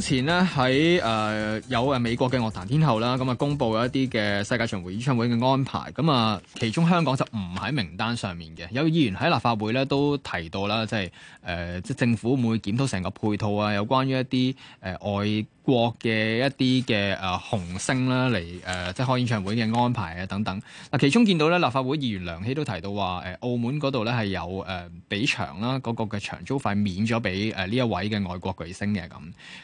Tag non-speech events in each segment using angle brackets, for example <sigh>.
之前呢，喺、呃、誒有誒美國嘅樂壇天后啦，咁啊公佈一啲嘅世界巡迴演唱會嘅安排，咁啊其中香港就唔喺名單上面嘅。有議員喺立法會咧都提到啦，即係誒即係政府會唔會檢討成個配套啊？有關於一啲誒、呃、外。國嘅一啲嘅誒紅星啦，嚟、呃、誒即係開演唱會嘅安排啊，等等嗱。其中見到咧，立法會議員梁熙都提到話誒、呃，澳門嗰度咧係有誒、呃、俾場啦，嗰、那個嘅場租費免咗俾誒呢一位嘅外國巨星嘅咁。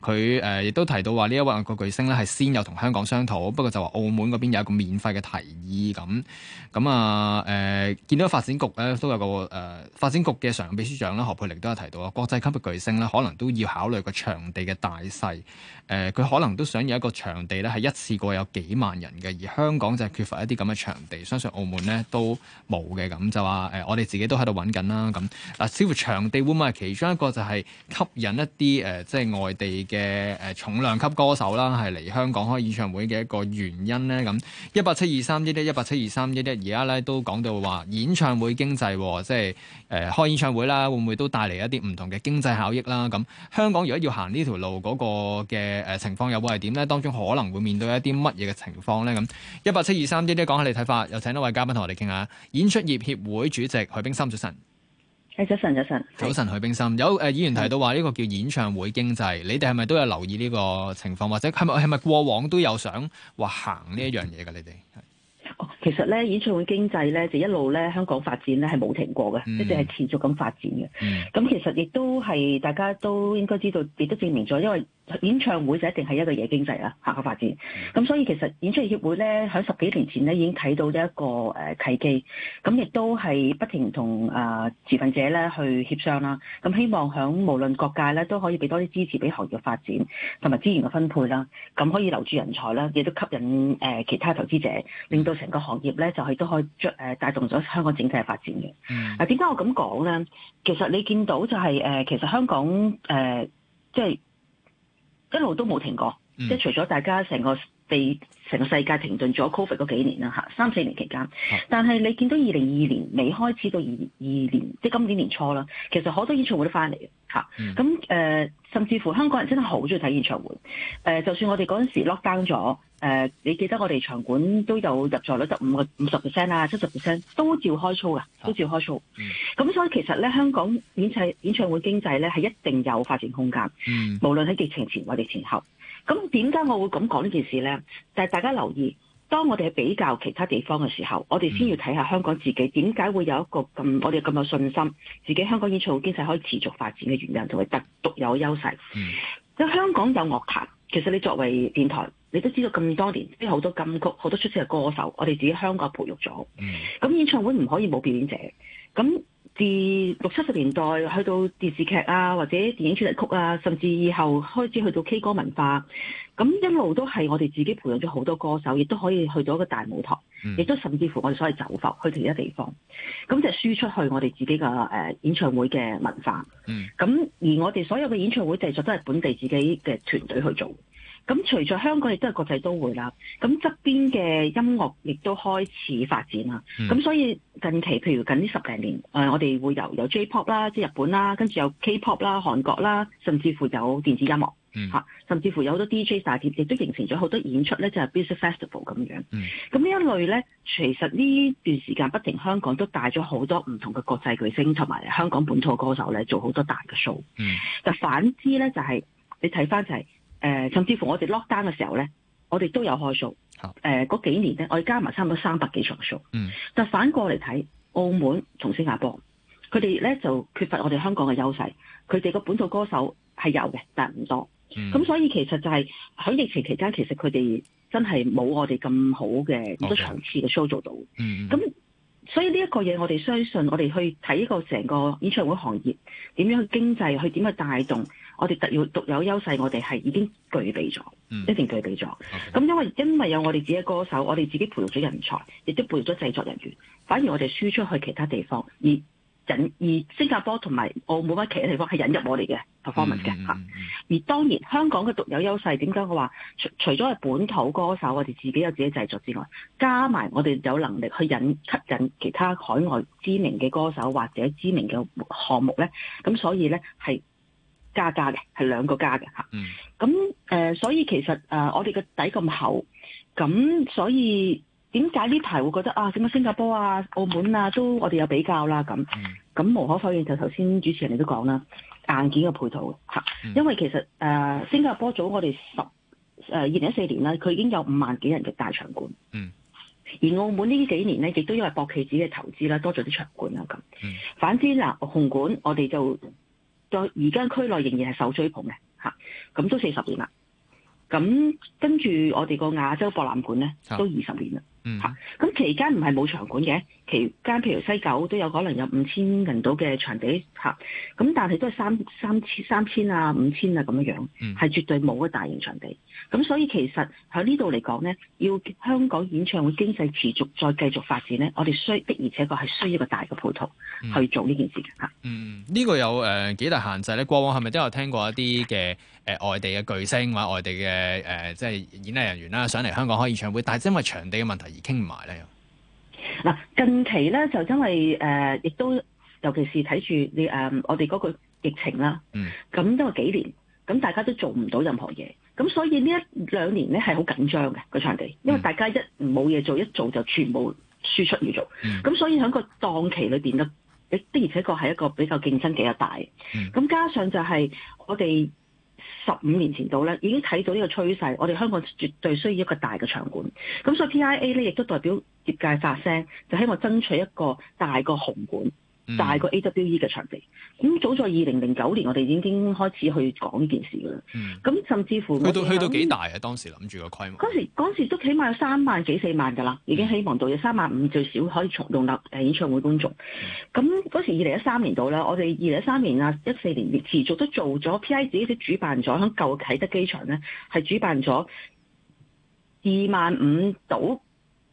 佢誒亦都提到話呢一位外國巨星咧係先有同香港商討，不過就話澳門嗰邊有一個免費嘅提議咁咁啊。誒、呃、見到發展局咧都有個誒、呃、發展局嘅常任秘書長啦，何佩玲都有提到啊，國際級嘅巨星咧可能都要考慮個場地嘅大細。誒、呃、佢可能都想有一個場地咧，係一次過有幾萬人嘅，而香港就係缺乏一啲咁嘅場地，相信澳門咧都冇嘅，咁就話、呃、我哋自己都喺度揾緊啦，咁嗱，似、啊、乎場地會唔會係其中一個就係吸引一啲、呃、即係外地嘅重量級歌手啦，係嚟香港開演唱會嘅一個原因咧？咁一八七二三一一一八七二三一一，而家咧都講到話演唱會經濟、啊、即係。誒開演唱會啦，會唔會都帶嚟一啲唔同嘅經濟效益啦？咁香港如果要行呢條路嗰個嘅誒情況又會係點咧？當中可能會面對一啲乜嘢嘅情況咧？咁一八七二三一，一講下你睇法，又請一位嘉賓同我哋傾下。演出業協會主席許冰心，早晨，早晨早晨，早晨許冰心。有誒議員提到話呢個叫演唱會經濟，你哋係咪都有留意呢個情況？或者係咪係咪過往都有想話行呢一樣嘢㗎？你哋 <noise> 其實咧，演唱會經濟咧就一路咧香港發展咧係冇停過嘅，一直係持續咁發展嘅。咁、mm. 其實亦都係大家都應該知道，亦都證明咗，因為。演唱會就一定係一個嘢經濟啦，下個發展。咁、mm-hmm. 所以其實演出業協會咧，喺十幾年前咧已經睇到一個誒、呃、契機，咁亦都係不停同啊持份者咧去協商啦。咁希望響無論各界咧都可以俾多啲支持俾行業嘅發展同埋資源嘅分配啦，咁可以留住人才啦，亦都吸引誒、呃、其他投資者，令到成個行業咧就係、是、都可以誒帶動咗香港整體嘅發展嘅。嗯、mm-hmm. 啊，啊點解我咁講咧？其實你見到就係、是、誒、呃，其實香港誒即係。呃就是一路都冇停過，即係除咗大家成個地、成個世界停頓咗 COVID 嗰幾年啦吓，三四年期間。但係你見到二零二二年未開始到二二年，即係今年年初啦，其實好多演唱會都翻嚟嘅吓，咁、mm. 誒、呃、甚至乎香港人真係好中意睇演唱會。誒、呃、就算我哋嗰陣時 lock down 咗。誒、呃，你記得我哋場館都有入座率就五個五十 percent 啊，七十 percent 都照開騷嘅，都照開騷。咁、啊嗯、所以其實咧，香港演唱演唱會經濟咧係一定有發展空間。嗯、無論喺疫情前或者前後。咁點解我會咁講呢件事呢？就係大家留意，當我哋喺比較其他地方嘅時候，我哋先要睇下香港自己點解會有一個咁，我哋咁有信心，自己香港演唱會經濟可以持續發展嘅原因，同埋特獨有優勢。咁、嗯、香港有樂壇，其實你作為電台。你都知道咁多年，即係好多金曲，好多出色嘅歌手，我哋自己香港培育咗。咁、嗯、演唱會唔可以冇表演者。咁自六七十年代去到電視劇啊，或者電影主題曲啊，甚至以後開始去到 K 歌文化，咁一路都係我哋自己培養咗好多歌手，亦都可以去到一個大舞台，亦、嗯、都甚至乎我哋所謂走埠去其他地方，咁就輸出去我哋自己嘅、呃、演唱會嘅文化。咁、嗯、而我哋所有嘅演唱會製作都係本地自己嘅團隊去做。咁除咗香港亦都係國際都會啦，咁側邊嘅音樂亦都開始發展啦。咁、嗯、所以近期譬如近呢十零年，呃、我哋會由有，有 J-pop 啦，即日本啦，跟住有 K-pop 啦、韓國啦，甚至乎有電子音樂嚇、嗯啊，甚至乎有好多 DJ 大碟，亦都形成咗好多演出咧，就係 music festival 咁樣。咁、嗯、呢一類咧，其實呢段時間不停香港都帶咗好多唔同嘅國際巨星同埋香港本土歌手咧，做好多大嘅 show、嗯。就反之咧、就是，就係你睇翻就係。誒、呃，甚至乎我哋 lock 單嘅時候咧，我哋都有開數。誒、呃，嗰幾年咧，我哋加埋差唔多三百幾場數。嗯。但反過嚟睇，澳門同新加坡，佢哋咧就缺乏我哋香港嘅優勢。佢哋個本土歌手係有嘅，但唔多。咁、嗯、所以其實就係、是、喺疫情期間，其實佢哋真係冇我哋咁好嘅好、okay。多層次嘅 show 做到。嗯，嗯。所以呢一個嘢，我哋相信，我哋去睇呢個成個演唱會行業點樣去經濟去點去帶動我哋特有獨有優勢，我哋係已經具備咗，一、嗯、定具備咗。咁、嗯、因為因為有我哋自己歌手，我哋自己培育咗人才，亦都培育咗製作人員，反而我哋輸出去其他地方而。引而新加坡同埋澳門乜其他地方係引入我哋嘅 performance 嘅嚇，而當然香港嘅獨有優勢，點解我話除除咗係本土歌手，我哋自己有自己製作之外，加埋我哋有能力去引吸引其他海外知名嘅歌手或者知名嘅項目咧，咁所以咧係加加嘅，係兩個加嘅嚇。咁、mm-hmm. 呃、所以其實、呃、我哋個底咁厚，咁所以。點解呢排會覺得啊？點解新加坡啊、澳門啊都我哋有比較啦？咁咁、嗯、無可否認，就頭先主持人你都講啦，硬件嘅配套、嗯、因為其實、呃、新加坡早我哋十誒二零一四年啦，佢已經有五萬幾人嘅大場館。嗯。而澳門呢幾年呢，亦都因為博企自己嘅投資啦，多咗啲場館啦咁、嗯。反之嗱、呃，紅館我哋就到而家區內仍然係受追捧嘅嚇，咁、啊、都四十年啦。咁跟住我哋個亞洲博覽館咧，都二十年啦。嗯，嚇！咁期間唔係冇場館嘅，期間譬如西九都有可能有五千人到嘅場地嚇，咁但係都係三三千三千啊五千啊咁樣樣，係絕對冇個大型場地。咁所以其實喺呢度嚟講咧，要香港演唱會經濟持續再繼續發展咧，我哋需的而且確係需要一個大嘅配套去做呢件事嘅嚇。嗯，呢、嗯呢個有誒幾、呃、大限制咧。過往係咪都有聽過一啲嘅誒外地嘅巨星或者外地嘅誒即係演藝人員啦，上嚟香港開演唱會，但係因為場地嘅問題，而傾唔埋咧，嗱近期咧就因為誒，亦、呃、都尤其是睇住你誒，我哋嗰個疫情啦，嗯，咁因為幾年，咁大家都做唔到任何嘢，咁所以呢一兩年咧係好緊張嘅個場地，因為大家一冇嘢做，一做就全部輸出要做，咁、嗯、所以喺個檔期裏邊得的而且確係一個比較競爭幾大，咁、嗯、加上就係我哋。十五年前度咧，已經睇到呢個趨勢。我哋香港絕對需要一個大嘅場館，咁所以 PIA 咧亦都代表業界發聲，就希望爭取一個大個紅館。大、嗯、過 AWE 嘅場地，咁早在二零零九年，我哋已經開始去講呢件事噶啦。咁、嗯、甚至乎去到去到幾大啊？當時諗住個規模，嗰時嗰時都起碼有三萬幾四萬噶啦，已經希望到有三萬五最少可以重用到誒演唱會觀眾。咁、嗯、嗰時二零一三年度啦，我哋二零一三年啊一四年亦持續都做咗 PI 自己都主辦咗響舊的啟德機場咧，係主辦咗二萬五度，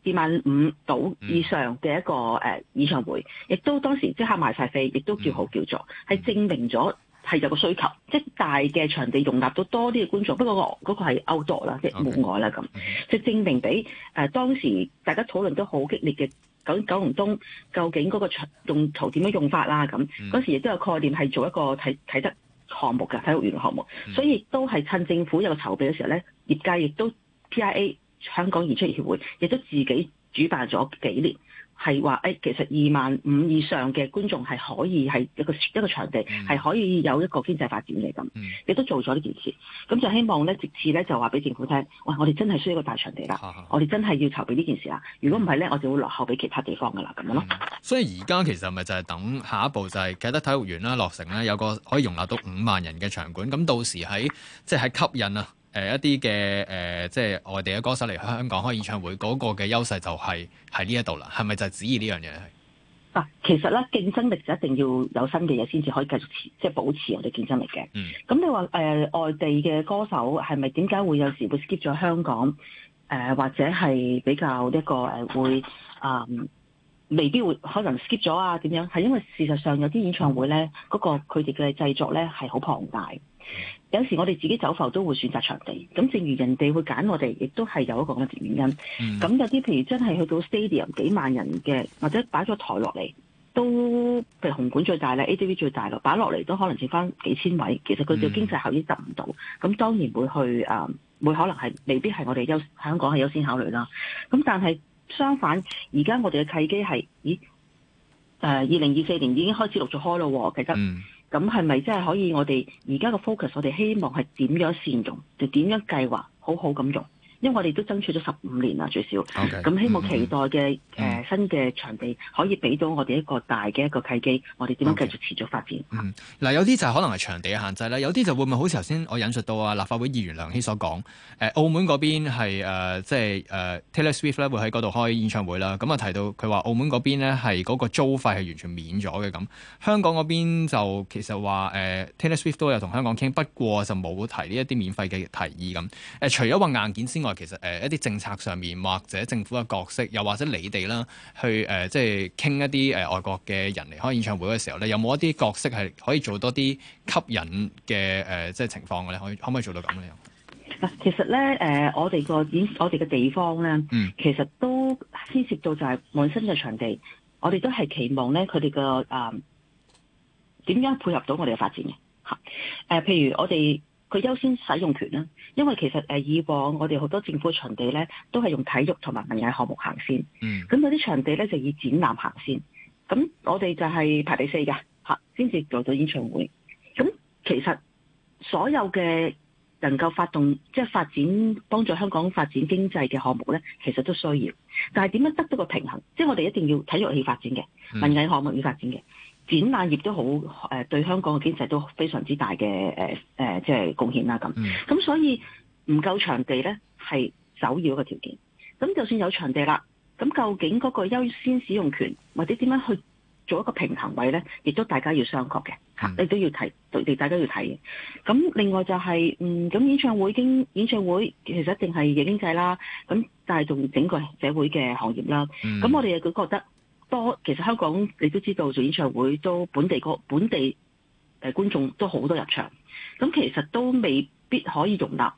二萬五度以上嘅一個誒演唱會，亦、嗯、都當時即刻賣晒飛，亦、嗯、都叫好叫座，係、嗯、證明咗係有個需求，即、嗯、係、就是、大嘅場地容納到多啲嘅觀眾。不過那個嗰個係 outdoor 啦，okay。即係戶外啦咁，即係證明俾誒、呃、當時大家討論都好激烈嘅九九龍東究竟嗰個場用途點樣用法啦咁。嗰、嗯、時亦都有概念係做一個睇體質項目嘅體育園項目，嗯、所以亦都係趁政府有個籌備嘅時候咧，業界亦都 P I A。香港演出業協會亦都自己主辦咗幾年，係話誒，其實二萬五以上嘅觀眾係可以係一個一個場地，係、嗯、可以有一個經濟發展嚟咁，亦、嗯、都做咗呢件事。咁就希望咧，直至咧就話俾政府聽，喂、哎、我哋真係需要一個大場地啦，我哋真係要籌備呢件事啦。如果唔係咧，我哋會落後俾其他地方噶啦，咁樣咯。嗯、所以而家其實咪就係等下一步就係啟德體育園啦、落成啦，有個可以容納到五萬人嘅場館。咁到時喺即係吸引啊！誒、呃、一啲嘅誒，即係外地嘅歌手嚟香港開演唱會，嗰、那個嘅優勢就係喺呢一度啦，係咪就係旨意呢樣嘢？嗱，其實咧競爭力就一定要有新嘅嘢先至可以繼續持，即係保持我哋競爭力嘅。嗯，咁你話誒、呃、外地嘅歌手係咪點解會有時會 skip 咗香港？誒、呃、或者係比較一、這個誒會啊，未必會可能 skip 咗啊？點樣係因為事實上有啲演唱會咧，嗰、那個佢哋嘅製作咧係好龐大。有時我哋自己走埠都會選擇場地，咁正如人哋會揀我哋，亦都係有一個咁嘅原因。咁、嗯、有啲譬如真係去到 stadium 幾萬人嘅，或者擺咗台落嚟，都譬如紅館最大咧，ATV 最大咯，擺落嚟都可能剩翻幾千位。其實佢嘅經濟效益得唔到，咁、嗯、當然會去會、呃、可能係未必係我哋優香港係優先考慮啦。咁但係相反，而家我哋嘅契機係，咦？誒、呃，二零二四年已經開始陸續開咯喎，其實。嗯咁係咪即係可以？我哋而家嘅 focus，我哋希望係點樣善用，就點樣計劃，好好咁用。因為我哋都爭取咗十五年啦，最少，咁、okay，希望期待嘅誒、嗯呃、新嘅場地可以俾到我哋一個大嘅一個契機，我哋點樣繼續持續發展。嗱、okay。嗯、有啲就係可能係場地嘅限制啦，有啲就會唔會好似頭先我引述到啊立法會議員梁希所講，誒、呃、澳門嗰邊係即係誒 Taylor Swift 咧會喺嗰度開演唱會啦。咁啊提到佢話澳門嗰邊呢係嗰個租費係完全免咗嘅，咁，香港嗰邊就其實話誒、呃、Taylor Swift 都有同香港傾，不過就冇提呢一啲免費嘅提議，咁。誒、呃、除咗話硬件先。話其實誒，一啲政策上面，或者政府嘅角色，又或者你哋啦，去誒，即係傾一啲誒外國嘅人嚟開演唱會嘅時候咧，有冇一啲角色係可以做多啲吸引嘅誒、呃，即係情況嘅咧？可以可唔可以做到咁樣咧？又嗱，其實咧誒、呃，我哋個我哋嘅地方咧、嗯，其實都牽涉到就係本身嘅場地，我哋都係期望咧，佢哋個誒點樣配合到我哋嘅發展嘅吓誒，譬如我哋。佢優先使用權啦，因為其實誒以往我哋好多政府場地咧，都係用體育同埋文藝項目行先。嗯。咁有啲場地咧就以展覽行先。咁我哋就係排第四嘅，嚇，先至做到演唱會。咁其實所有嘅能夠發動，即係發展幫助香港發展經濟嘅項目咧，其實都需要。但係點樣得到個平衡？即係我哋一定要體育要發展嘅，文藝項目要發展嘅。嗯。展覽業都好，對香港嘅經濟都非常之大嘅即係貢獻啦，咁。咁、嗯、所以唔夠場地咧，係首要一個條件。咁就算有場地啦，咁究竟嗰個優先使用權或者點樣去做一個平衡位咧，亦都大家要商榷嘅，你都要睇，對，大家要睇嘅。咁另外就係、是、嗯，咁演唱會經演唱會其實一定係經濟啦，咁帶動整個社會嘅行業啦。咁、嗯、我哋亦都覺得。多其實香港你都知道做演唱會都本地個本地、呃、觀眾都好多入場，咁其實都未必可以容納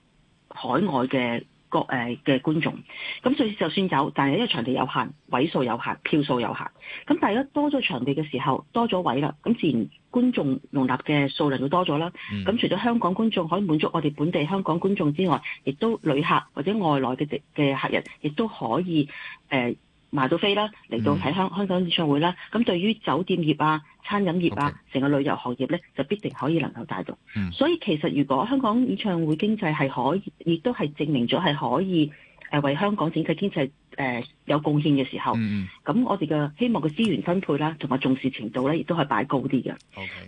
海外嘅各嘅、呃、觀眾。咁所以就算有，但係因為場地有限、位數有限、票數有限。咁但係一多咗場地嘅時候，多咗位啦，咁自然觀眾容納嘅數量就多咗啦。咁除咗香港觀眾可以滿足我哋本地香港觀眾之外，亦都旅客或者外來嘅嘅客人亦都可以、呃買到飛啦，嚟到睇香香港演唱會啦，咁、嗯、對於酒店業啊、餐飲業啊、成、okay. 個旅遊行業咧，就必定可以能夠帶動、嗯。所以其實如果香港演唱會經濟係可以，亦都係證明咗係可以，誒、呃、為香港整體經濟誒、呃、有貢獻嘅時候，咁、嗯、我哋嘅希望嘅資源分配啦、啊，同埋重視程度咧，亦都係擺高啲嘅。咁、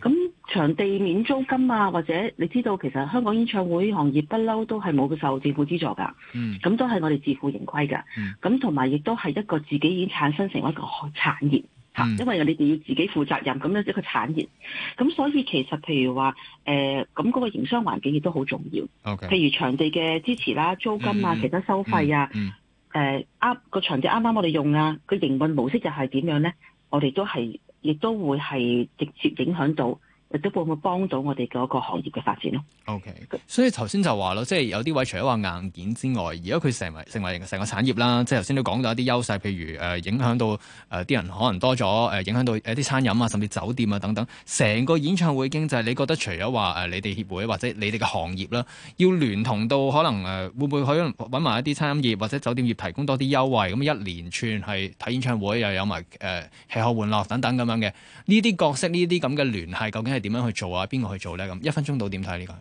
okay. 場地免租金啊，或者你知道其實香港演唱會行業不嬲都係冇個受政府資助㗎，咁、嗯、都係我哋自負盈虧㗎。咁同埋亦都係一個自己已經產生成為一個產業嚇、嗯，因為你哋要自己負責任，咁樣一個產業咁，咁所以其實譬如話誒咁嗰個營商環境亦都好重要。Okay. 譬如場地嘅支持啦、啊、租金啊、嗯、其他收費啊、誒啱個場地啱啱我哋用啊，個營運模式就係點樣咧？我哋都係亦都會係直接影響到。都會唔會幫到我哋嗰個行業嘅發展咯？OK，所以頭先就話咯，即係有啲位除咗話硬件之外，而家佢成為成為成個產業啦。即係頭先都講到一啲優勢，譬如誒影響到誒啲、呃、人可能多咗誒影響到一啲餐飲啊，甚至酒店啊等等。成個演唱會經濟，你覺得除咗話誒你哋協會或者你哋嘅行業啦，要聯同到可能誒會唔會可能揾埋一啲餐飲業或者酒店業提供多啲優惠，咁一連串係睇演唱會又有埋誒吃喝玩樂等等咁樣嘅呢啲角色，呢啲咁嘅聯繫，究竟係？點樣去做啊？邊個去做咧？咁一分鐘到點睇呢個。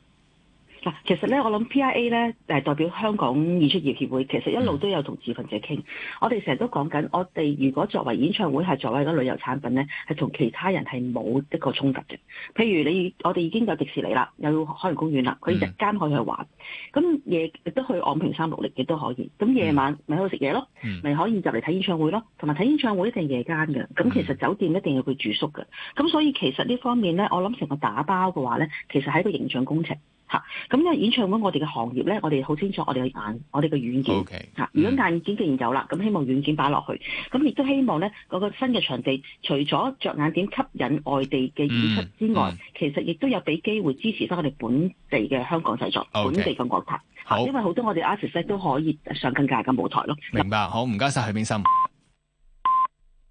嗱，其實咧，我諗 P.I.A. 咧，代表香港演出業協會，其實一路都有同持份者傾。我哋成日都講緊，我哋如果作為演唱會，係作為一個旅遊產品咧，係同其他人係冇一個衝突嘅。譬如你，我哋已經有迪士尼啦，有海洋公園啦，佢日間可以去玩，咁、嗯、夜亦都去昂坪三六零亦都可以。咁夜晚咪喺度食嘢咯，咪、嗯、可以入嚟睇演唱會咯。同埋睇演唱會一定係夜間嘅，咁其實酒店一定要佢住宿嘅。咁所以其實呢方面咧，我諗成個打包嘅話咧，其實係一個形象工程。咁因為演唱會我哋嘅行業咧，我哋好清楚，我哋嘅眼，我哋嘅軟件嚇。Okay. Mm. 如果硬件既然有啦，咁希望軟件擺落去，咁亦都希望咧，嗰個新嘅場地，除咗着眼點吸引外地嘅演出之外，mm. 其實亦都有俾機會支持翻我哋本地嘅香港製作、okay. 本地嘅樂壇。好。因為好多我哋 artist 都可以上更加嘅舞台咯。明白，好唔該晒，許冰心。